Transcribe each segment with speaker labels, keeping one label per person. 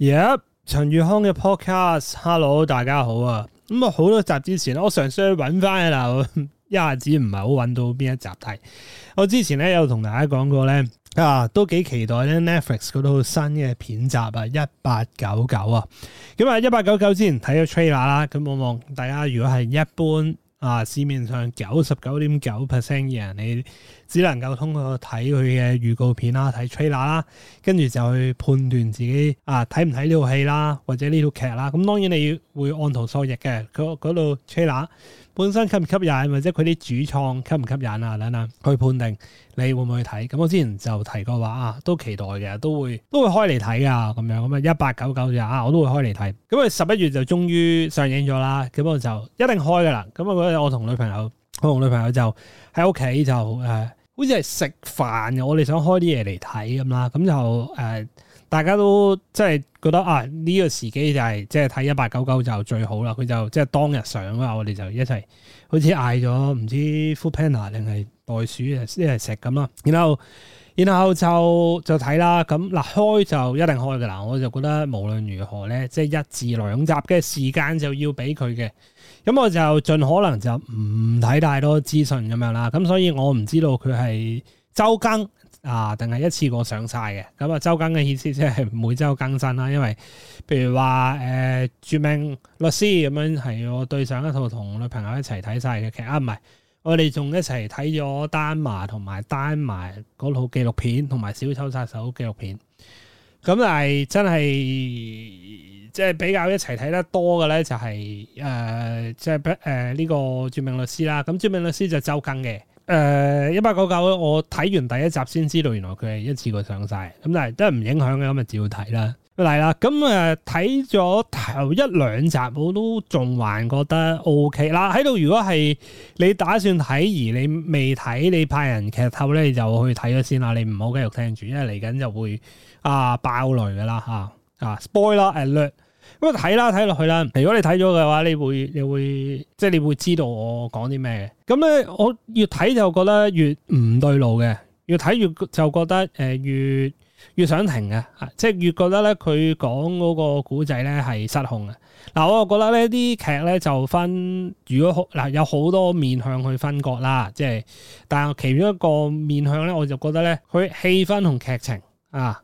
Speaker 1: Yep，陳宇康嘅 podcast，hello 大家好啊！咁啊，好多集之前，我嘗試去揾翻噶啦，一下子唔係好揾到邊一集睇。我之前咧有同大家講過咧，啊都幾期待咧 Netflix 嗰套新嘅片集啊，一八九九啊，咁啊一八九九之前睇咗 trailer 啦。咁望望大家如果係一般。啊！市面上九十九點九 percent 嘅人，你只能夠通過睇佢嘅預告片啦，睇 trailer 啦，跟住就去判斷自己啊睇唔睇呢套戲啦，或者呢套劇啦。咁、嗯、當然你要會按圖索驥嘅佢嗰度 trailer。本身吸唔吸引，或者佢啲主創吸唔吸引啊？等等，去判定你會唔會去睇。咁我之前就提過話啊，都期待嘅，都會都會開嚟睇啊，咁樣咁啊一八九九就啊，我都會開嚟睇。咁啊十一月就終於上映咗啦，咁我就一定開噶啦。咁啊嗰日我同女朋友，我同女朋友就喺屋企就誒、啊，好似係食飯，我哋想開啲嘢嚟睇咁啦，咁就誒。啊大家都即係覺得啊，呢、這個時機就係、是、即係睇一八九九就最好啦。佢就即係當日上啦，我哋就一齊好似嗌咗唔知 Foodpanda 定係袋鼠一係食咁啦。然後然後就就睇啦。咁嗱開就一定開㗎啦，我就覺得無論如何咧，即係一至兩集嘅時間就要俾佢嘅。咁我就盡可能就唔睇太多資訊咁樣啦。咁所以我唔知道佢係周更。啊，定係一次過上晒嘅。咁啊週更嘅意思即係每周更新啦。因為譬如話誒、呃、絕命律師咁樣係我對上一套同女朋友一齊睇晒嘅劇啊，唔係我哋仲一齊睇咗丹麥同埋丹麥嗰套紀錄片，同埋小丑殺手紀錄片。咁但係真係即係比較一齊睇得多嘅咧、就是呃，就係誒即係誒呢個絕命律師啦。咁絕命律師就周更嘅。誒，一八九九，9，我睇完第一集先知道，原來佢係一次過上晒，咁但係都係唔影響嘅，咁咪照睇啦。嚟啦，咁誒睇咗頭一兩集，我都仲還，還覺得 O、OK, K，啦喺度，如果係你打算睇而你未睇，你派人劇透咧就去睇咗先啦，你唔好繼續聽住，因為嚟緊就會啊爆雷噶啦吓啊 spoil 啦 alert。咁睇啦，睇落去啦。如果你睇咗嘅話，你會你會即係、就是、你會知道我講啲咩嘅。咁咧，我越睇就覺得越唔對路嘅，越睇越就覺得誒越越想停嘅，即、啊、係、就是、越覺得咧佢講嗰個古仔咧係失控嘅。嗱、啊，我又覺得呢啲劇咧就分，如果嗱、啊、有好多面向去分割啦，即、就、係、是、但係其中一個面向咧，我就覺得咧佢氣氛同劇情啊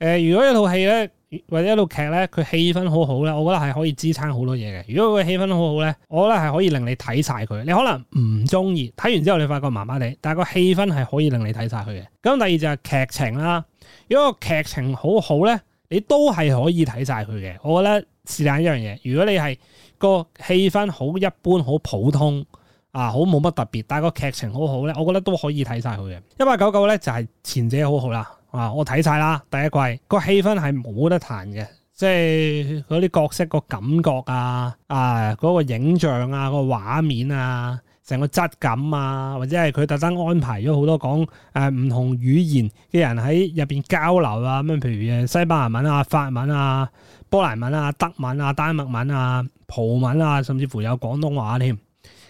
Speaker 1: 誒、呃，如果一套戲咧。或者一部劇咧，佢氣氛好好咧，我覺得係可以支撐好多嘢嘅。如果佢氣氛好好咧，我覺得係可以令你睇晒佢。你可能唔中意，睇完之後你發覺麻麻地，但係個氣氛係可以令你睇晒佢嘅。咁第二就係劇情啦。如果個劇情好好咧，你都係可以睇晒佢嘅。我覺得是但一樣嘢。如果你係個氣氛好一般，好普通啊，好冇乜特別，但係個劇情好好咧，我覺得都可以睇晒佢嘅。一八九九咧就係前者好好啦。啊！我睇晒啦，第一季個氣氛係冇得彈嘅，即係嗰啲角色個感覺啊，啊嗰個影像啊，個畫面啊，成個質感啊，或者係佢特登安排咗好多講誒唔同語言嘅人喺入面交流啊，咁譬如西班牙文啊、法文啊、波蘭文啊、德文啊、丹麥文啊、葡文啊，甚至乎有廣東話添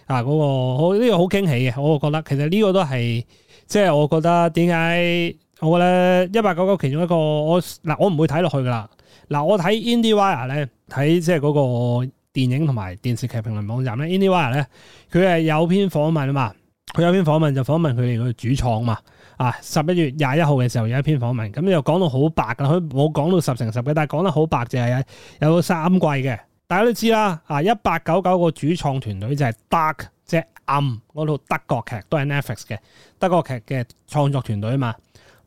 Speaker 1: 啊！嗰、啊個好呢個好驚喜嘅，我覺、就係、我覺得其實呢個都係即係我覺得點解？我咧一八九九，其中一個我嗱，我唔會睇落去噶啦。嗱，我睇 Indiewire 咧，睇即係嗰個電影同埋電視劇評論網站咧。Indiewire 咧，佢係有篇訪問啊嘛。佢有篇訪問就訪問佢哋個主創嘛。啊，十一月廿一號嘅時候有一篇訪問，咁又講到好白啦。佢冇講到十成十嘅，但係講得好白就係有三季嘅。大家都知啦，啊一八九九個主創團隊就係 Dark，即係暗嗰套德國劇都係 Netflix 嘅德國劇嘅創作團隊啊嘛。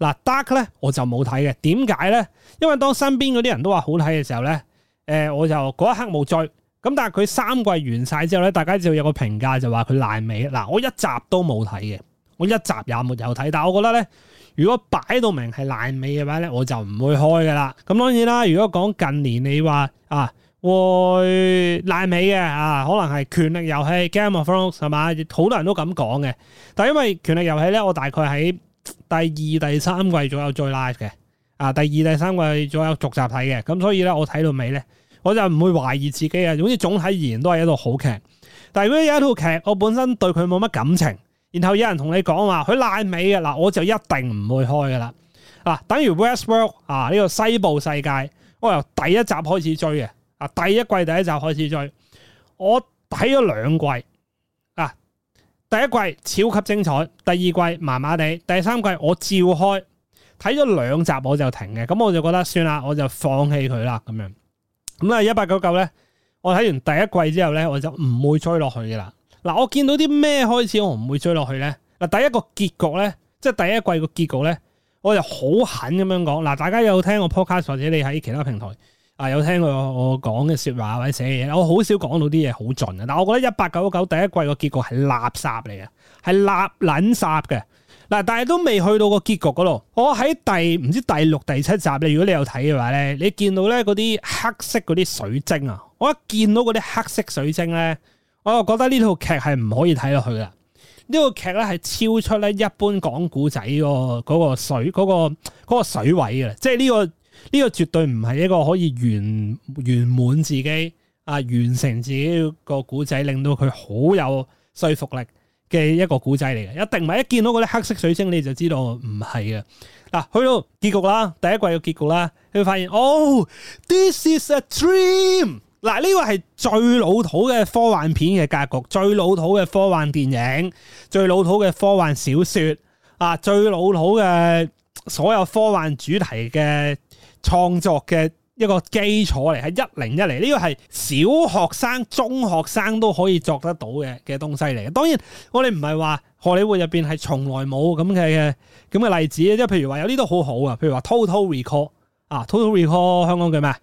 Speaker 1: 嗱，Dark 咧我就冇睇嘅，點解咧？因為當身邊嗰啲人都話好睇嘅時候咧，誒我就嗰一刻冇追。咁但係佢三季完晒之後咧，大家就有個評價就話佢爛尾。嗱，我一集都冇睇嘅，我一集也沒有睇。但係我覺得咧，如果擺到明係爛尾嘅話咧，我就唔會開噶啦。咁當然啦，如果講近年你話啊會爛尾嘅啊，可能係《權力遊戲》《Game of Thrones》係嘛，好多人都咁講嘅。但係因為《權力遊戲》咧，我大概喺第二、第三季仲有追 live 嘅，啊，第二、第三季仲有續集睇嘅，咁所以咧，我睇到尾咧，我就唔會懷疑自己啊。總之總體而言都係一套好劇，但係如果有一套劇，我本身對佢冇乜感情，然後有人同你講話佢爛尾嘅，嗱，我就一定唔會開噶啦，啊，等於 Westworld 啊呢個西部世界，我由第一集開始追嘅，啊，第一季第一集開始追，我睇咗兩季。第一季超級精彩，第二季麻麻地，第三季我照開，睇咗兩集我就停嘅，咁我就覺得算啦，我就放棄佢啦咁樣。咁咧一八九九咧，我睇完第一季之後咧，我就唔會追落去嘅啦。嗱、啊，我見到啲咩開始我唔會追落去咧。嗱、啊，第一個結局咧，即、就、係、是、第一季個結局咧，我就好狠咁樣講。嗱、啊，大家有聽我 Podcast 或者你喺其他平台。啊！有聽過我講嘅説話或者寫嘢，我好少講到啲嘢好盡嘅。但係我覺得一八九九第一季個結局係垃圾嚟嘅，係垃撚圾嘅。嗱，但係都未去到個結局嗰度。我喺第唔知第六第七集咧，如果你有睇嘅話咧，你見到咧嗰啲黑色嗰啲水晶啊，我一見到嗰啲黑色水晶咧，我就覺得呢套劇係唔可以睇落去嘅。呢個劇咧係超出咧一般講古仔個嗰個水嗰個嗰個水位嘅，即係呢個。呢個絕對唔係一個可以完圓滿自己啊，完成自己個古仔，令到佢好有說服力嘅一個古仔嚟嘅，一定唔係。一見到嗰啲黑色水晶，你就知道唔係嘅。嗱、啊，去到結局啦，第一季嘅結局啦，你會發現哦、oh，this is a dream，啊。嗱，呢個係最老土嘅科幻片嘅格局，最老土嘅科幻電影，最老土嘅科幻小說啊，最老土嘅。所有科幻主題嘅創作嘅一個基礎嚟，喺一零一嚟，呢個係小學生、中學生都可以作得到嘅嘅東西嚟。當然，我哋唔係話荷里活入邊係從來冇咁嘅嘅咁嘅例子，即係譬如話有啲都好好啊，譬如話《Total Recall》啊，《Total Recall》香港叫咩？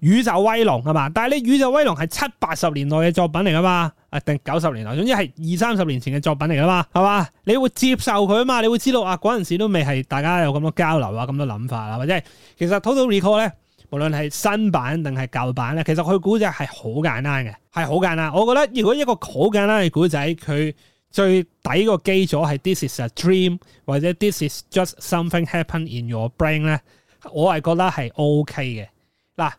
Speaker 1: 宇宙威龍係嘛？但係你宇宙威龍係七八十年代嘅作品嚟噶嘛？誒、啊、定九十年代，總之係二三十年前嘅作品嚟噶嘛？係嘛？你會接受佢啊嘛？你會知道啊，嗰陣時候都未係大家有咁多交流啊，咁多諗法啊，或者其實《Total Recall》咧，無論係新版定係舊版咧，其實佢古仔係好簡單嘅，係好簡單。我覺得如果一個好簡單嘅古仔，佢最底個基礎係 This is a dream 或者 This is just something happen in your brain 咧，我係覺得係 OK 嘅嗱。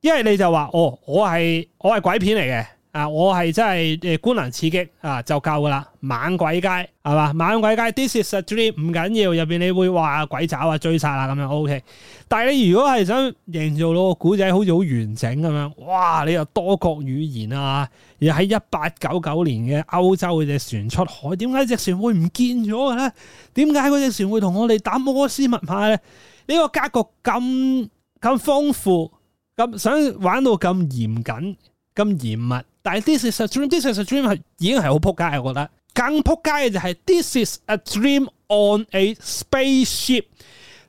Speaker 1: 因為你就話哦，我係我係鬼片嚟嘅啊，我係真係誒，官能刺激啊，就夠噶啦，猛鬼街係嘛，猛鬼街，This is a dream，唔緊要，入邊你會話鬼爪啊，追殺啊咁樣，OK。但係你如果係想營造到個古仔好似好完整咁樣，哇，你又多國語言啊，又喺一八九九年嘅歐洲嘅隻船出海，點解隻船會唔見咗嘅咧？點解嗰隻船會同我哋打摩斯密碼咧？呢個格局咁咁豐富。咁想玩到咁嚴謹、咁嚴密，但係 This is a dream. This is a dream 係已經係好撲街，我覺得更撲街嘅就係 This is a dream on a spaceship。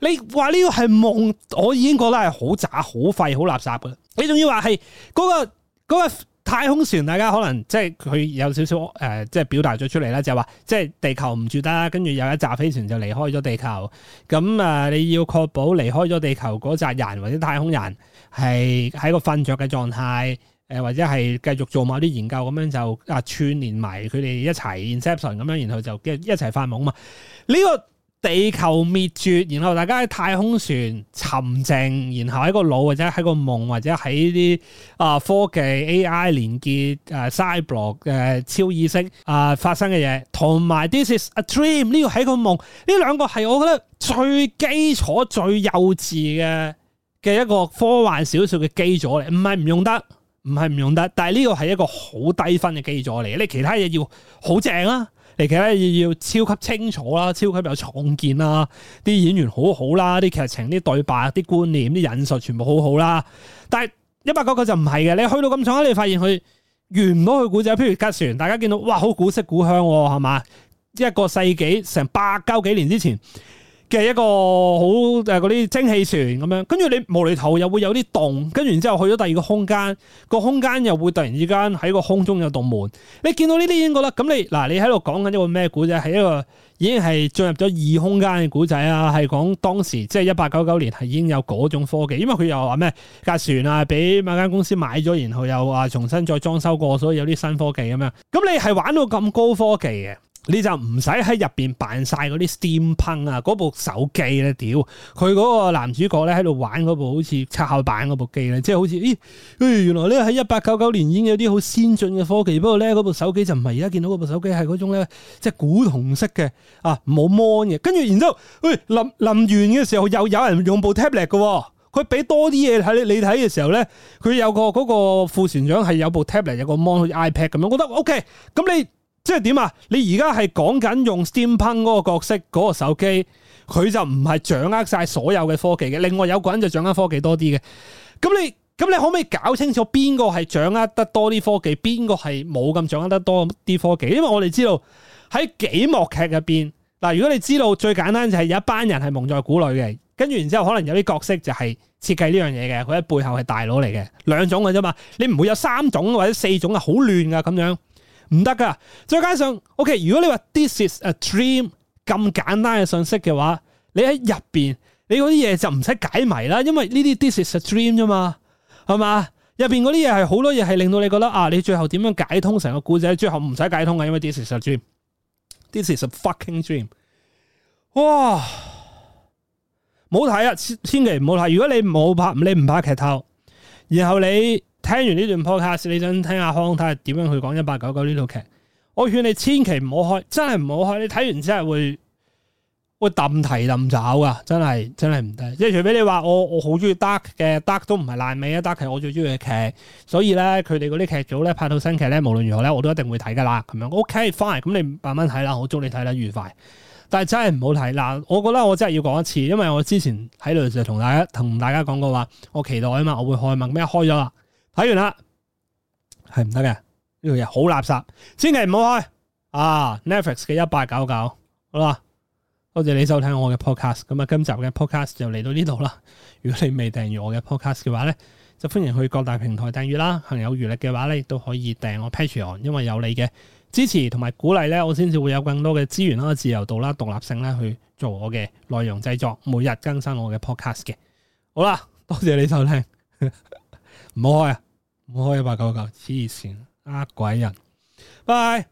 Speaker 1: 你話呢個係夢，我已經覺得係好渣、好廢、好垃圾噶。你仲要話係嗰個嗰個，那個太空船，大家可能即係佢有少少誒，即係、呃、表達咗出嚟啦，就係、是、話即係地球唔住得啦，跟住有一紮飛船就離開咗地球。咁啊、呃，你要確保離開咗地球嗰扎人或者太空人係喺個瞓着嘅狀態，誒、呃，或者係繼續做某啲研究咁樣就啊串聯埋佢哋一齊 inception 咁樣，然後就一一齊發夢啊嘛？呢、這個。地球滅絕，然後大家喺太空船沉靜，然後喺個腦或者喺個夢或者喺啲啊科技 A I 連結誒、啊、cyborg 嘅超意識啊發生嘅嘢，同埋 this is a dream 呢個係個夢，呢兩個係我覺得最基礎最幼稚嘅嘅一個科幻小說嘅基礎嚟，唔係唔用得，唔係唔用得，但係呢個係一個好低分嘅基礎嚟，你其他嘢要好正啊！其實要超級清楚啦，超級有創建啦，啲演員好好啦，啲劇情、啲對白、啲觀念、啲引述全部好好啦。但係1899就唔係嘅，你去到咁上你發現佢完唔到佢古仔。譬如吉船，大家見到哇，好古色古香係嘛，一個世紀成百九幾年之前。嘅一個好嗰啲蒸汽船咁樣，跟住你無厘頭又會有啲洞。跟住然之後去咗第二個空間，個空間又會突然之間喺個空中有棟門。你見到呢啲已經覺得咁你嗱，你喺度講緊一個咩古仔係一個已經係進入咗異空間嘅古仔啊！係講當時即係一八九九年係已經有嗰種科技，因為佢又話咩架船啊，俾某間公司買咗，然後又話重新再裝修過，所以有啲新科技咁樣。咁你係玩到咁高科技嘅？你就唔使喺入面扮晒嗰啲 Steam Punk 啊！嗰部手機咧，屌佢嗰個男主角咧喺度玩嗰部好似七號板嗰部機咧，即係好似咦，原來咧喺一八九九年已經有啲好先進嘅科技。不過咧，嗰部手機就唔係而家見到嗰部手機係嗰種咧，即係古銅色嘅啊，冇 mon 嘅。跟住然之後，喂淋淋完嘅時候又有人用部 tablet 嘅，佢俾多啲嘢喺你睇嘅時候咧，佢有個嗰、嗰個、副船長係有部 tablet 有個 mon 好似 iPad 咁樣，我覺得 ok。咁你？即係點啊？你而家係講緊用 Steampunk 嗰個角色嗰個手機，佢就唔係掌握晒所有嘅科技嘅。另外有個人就掌握科技多啲嘅。咁你咁你可唔可以搞清楚邊個係掌握得多啲科技，邊個係冇咁掌握得多啲科技？因為我哋知道喺幾幕劇入邊嗱，如果你知道最簡單就係有一班人係蒙在鼓裏嘅，跟住然之後可能有啲角色就係設計呢樣嘢嘅，佢喺背後係大佬嚟嘅，兩種嘅啫嘛。你唔會有三種或者四種啊？好亂噶咁樣。唔得㗎，再加上，OK，如果你話 This is a dream 咁簡單嘅信息嘅話，你喺入邊你嗰啲嘢就唔使解謎啦，因為呢啲 This is a dream 啫嘛，係嘛？入邊嗰啲嘢係好多嘢係令到你覺得啊，你最後點樣解通成個故仔？你最後唔使解通嘅，因為 This is a dream，This is a fucking dream，哇！冇睇啊，千祈唔好睇。如果你冇拍，你唔拍劇透，然後你。聽完呢段 podcast，你想聽阿康睇下點樣去講一八九九呢套劇？我勸你千祈唔好開，真係唔好開。你睇完之後會會揼蹄揼爪噶，真係真係唔得。即係除非你話我我好中意 Dark 嘅 Dark 都唔係爛尾啊，Dark 係我最中意嘅劇，所以咧佢哋嗰啲劇組咧拍到新劇咧，無論如何咧我都一定會睇噶啦。咁樣 OK fine，咁你慢慢睇啦，我祝你睇得愉快。但係真係唔好睇啦，我覺得我真係要講一次，因為我之前喺度就同大家同大家講過話，我期待啊嘛，我會開麥，咩開咗啦。睇完啦，係唔得嘅，呢樣嘢好垃圾，千祈唔好開啊！Netflix 嘅一八九九，好啦，多謝你收聽我嘅 podcast。咁啊，今集嘅 podcast 就嚟到呢度啦。如果你未訂閱我嘅 podcast 嘅話咧，就歡迎去各大平台訂閱啦。行有餘力嘅話咧，亦都可以訂我 patreon，因為有你嘅支持同埋鼓勵咧，我先至會有更多嘅資源啦、自由度啦、獨立性咧去做我嘅內容製作，每日更新我嘅 podcast 嘅。好啦，多謝你收聽。唔好開啊！唔好開一八九九，黐線呃鬼人，拜拜。